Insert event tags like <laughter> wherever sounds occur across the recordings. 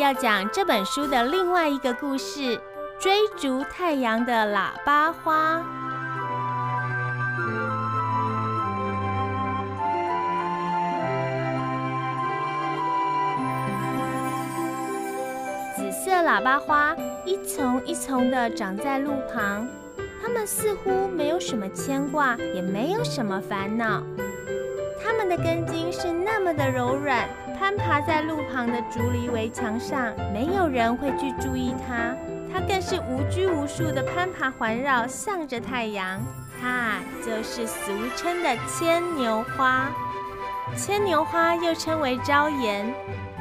要講這本書的另外一個故事，《追逐太陽的喇叭花》。紫色喇叭花一叢一叢地長在路旁，它們似乎沒有什麼牽掛，也沒有什麼煩惱。它們的根莖是那麼的柔軟。攀爬在路旁的竹籬圍牆上，沒有人會去注意它。它更是無拘無束地攀爬環繞，向着太陽。它就是俗稱的牽牛花。牽牛花又稱為朝顏，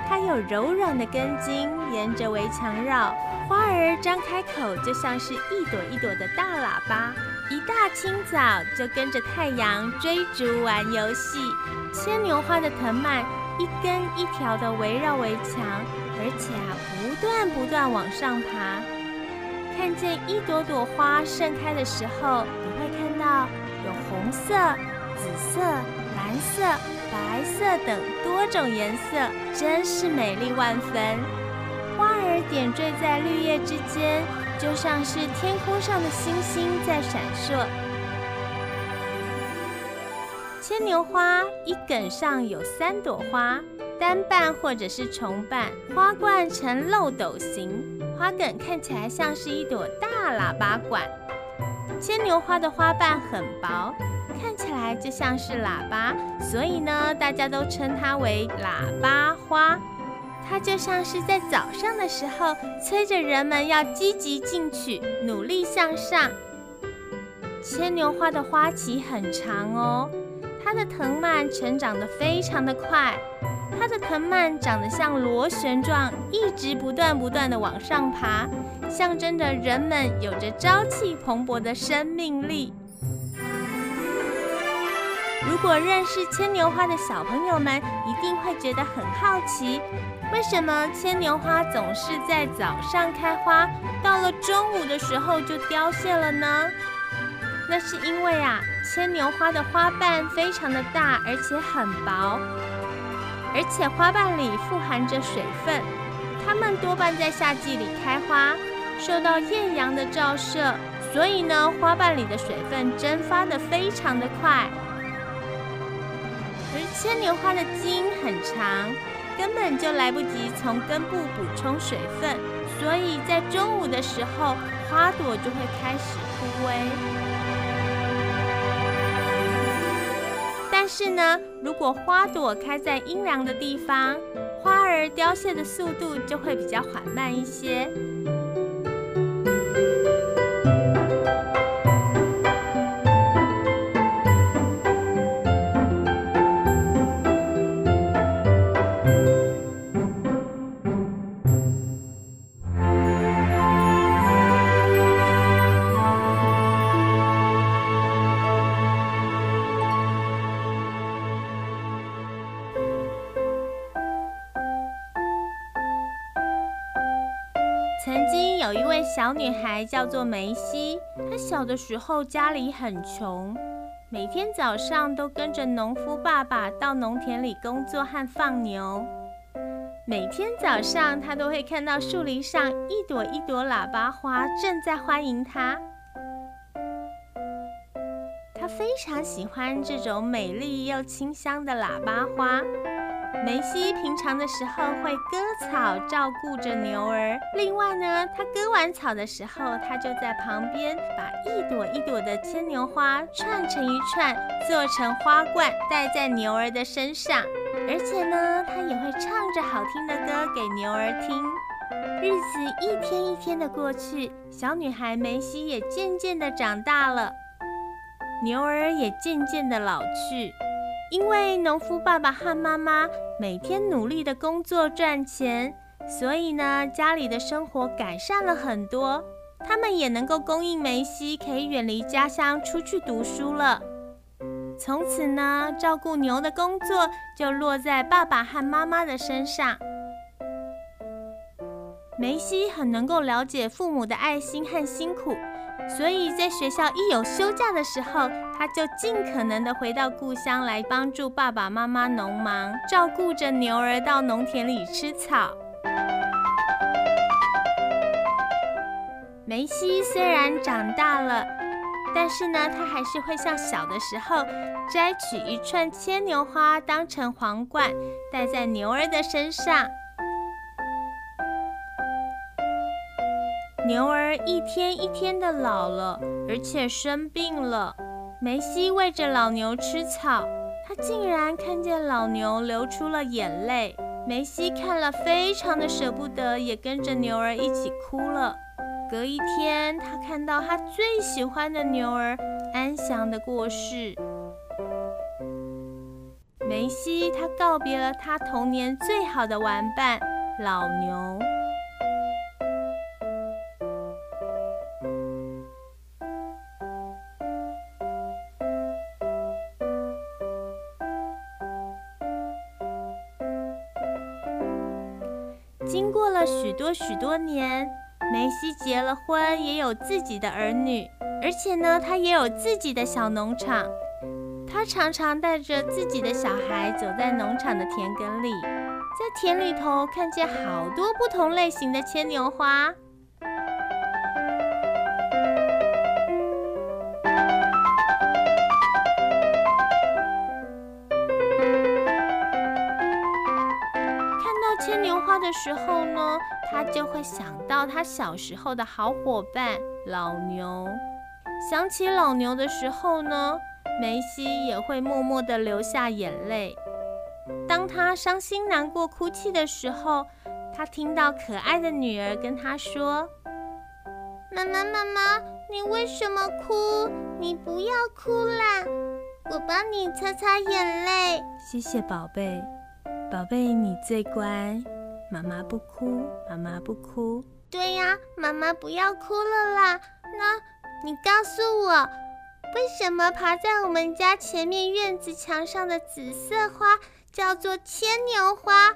它有柔軟的根莖沿着圍牆繞，花兒張開口就像是一朵一朵的大喇叭。一大清早就跟着太陽追逐玩遊戲。牽牛花的藤蔓，一根一條的圍繞圍牆，而且啊，不斷不斷往上爬。看見一朵朵花盛開的時候，你會看到有紅色、紫色、藍色、白色等多種顏色，真是美麗萬分。花兒點綴在綠葉之間，就像是天空上的星星在閃爍。牽牛花一梗上有三朵花，單瓣或者是重瓣，花冠呈漏斗形，花梗看起來像是一朵大喇叭管。牽牛花的花瓣很薄，看起來就像是喇叭，所以呢，大家都稱它為喇叭花。它就像是在早上的時候催着人們要積極進取，努力向上。牽牛花的花期很長哦。它的藤蔓成長得非常的快，它的藤蔓長得像螺旋狀，一直不斷不斷的往上爬，象徵着人們有着朝氣蓬勃的生命力。如果認識牽牛花的小朋友們，一定會覺得很好奇，為什麼牽牛花總是在早上開花，到了中午的時候就凋謝了呢？那是因為啊，牽牛花的花瓣非常的大，而且很薄，而且花瓣裡富含着水分。它們多半在夏季裡開花，受到艷陽的照射，所以呢，花瓣裡的水分蒸發的非常的快。而牽牛花的莖很長，根本就來不及從根部補充水分。所以在中午的時候，花朵就會開始枯萎。但是呢，如果花朵開在陰涼的地方，花兒凋謝的速度就會比較緩慢一些。曾經有一位小女孩叫做梅西，她小的時候家裡很窮，每天早上都跟着農夫爸爸到農田裡工作和放牛。每天早上，她都會看到樹林上一朵一朵喇叭花正在歡迎她。她非常喜歡這種美麗又清香的喇叭花。梅西平常的時候會割草，照顧着牛兒。另外呢，她割完草的時候，她就在旁邊把一朵一朵的牽牛花串成一串，做成花冠，戴在牛兒的身上。而且呢，她也會唱着好聽的歌給牛兒聽。日子一天一天的過去，小女孩梅西也漸漸的長大了，牛兒也漸漸的老去。因為農夫爸爸和媽媽每天努力的工作賺錢，所以呢，家裡的生活改善了很多，他們也能夠供應梅西可以遠離家鄉出去讀書了。從此呢，照顧牛的工作就落在爸爸和媽媽的身上。梅西很能夠了解父母的愛心和辛苦。所以在學校一有休假的時候，他就盡可能的回到故鄉來幫助爸爸媽媽農忙，照顧着牛兒到農田裡吃草。梅西雖然長大了，但是呢，他還是會像小的時候，摘取一串牽牛花當成皇冠戴在牛兒的身上。牛兒一天一天的老了，而且生病了。梅西餵着老牛吃草，他竟然看見老牛流出了眼淚。梅西看了非常的捨不得，也跟着牛兒一起哭了。隔一天，他看到他最喜歡的牛兒安詳的過世。梅西他告別了他童年最好的玩伴，老牛。經過了許多許多年，梅西結了婚，也有自己的兒女，而且呢，他也有自己的小農場。他常常帶着自己的小孩走在農場的田埂裡，在田裡頭看見好多不同類型的牽牛花的時候呢，他就會想到他小時候的好夥伴老牛。想起老牛的時候呢，梅西也會默默的流下眼淚。當他傷心難過、哭泣的時候，他聽到可愛的女兒跟他說：“媽媽，媽，媽媽，你為什麼哭？你不要哭啦，我幫你擦擦眼淚。”謝謝寶貝，寶貝你最乖。媽媽不哭，媽媽不哭。對呀，媽媽不要哭了啦。那，你告訴我，為什麼爬在我們家前面院子牆上的紫色花叫做牽牛花，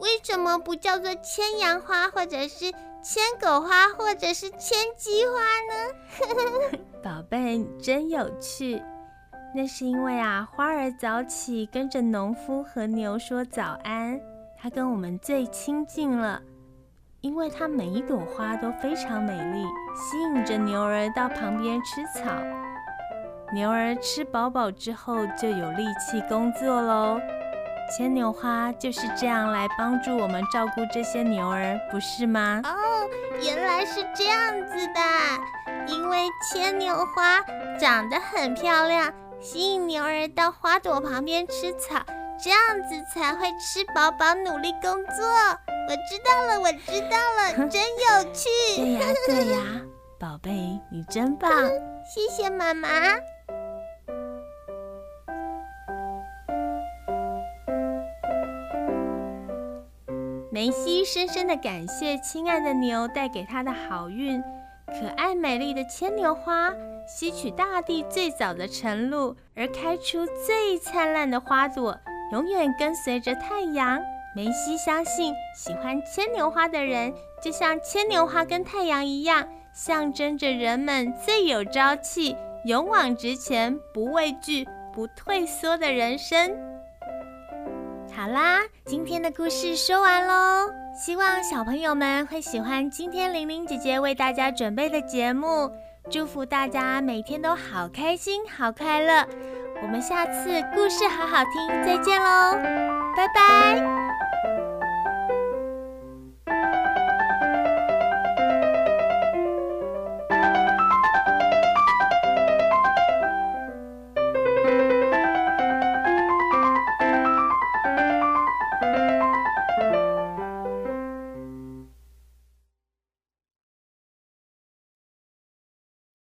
為什麼不叫做牽羊花，或者是牽狗花，或者是牽雞花呢？寶 <laughs> 貝，你真有趣。那是因為啊，花兒早起跟着農夫和牛說早安。它跟我們最親近了，因為它每一朵花都非常美麗，吸引着牛兒到旁邊吃草。牛兒吃飽飽之後，就有力氣工作嘍。牽牛花就是這樣來幫助我們照顧這些牛兒，不是嗎？哦，原來是這樣子的，因為牽牛花長得很漂亮，吸引牛兒到花朵旁邊吃草。這樣子才會吃飽飽，努力工作。我知道了，我知道了， <laughs> 真有趣。對 <laughs> 呀對呀，對呀 <laughs> 寶貝，你真棒！嗯，謝謝媽媽。梅西深深的感謝親愛的牛帶給他的好運。可愛美麗的牽牛花，吸取大地最早的晨露，而開出最燦爛的花朵。永遠跟隨着太陽，梅西相信，喜歡牽牛花的人，就像牽牛花跟太陽一樣，象徵着人們最有朝氣、勇往直前、不畏懼、不退縮的人生。好啦，今天的故事說完嘍，希望小朋友們會喜歡今天玲玲姐姐為大家準備的節目，祝福大家每天都好開心、好快樂。我們下次故事好好聽，再見嘍，拜拜。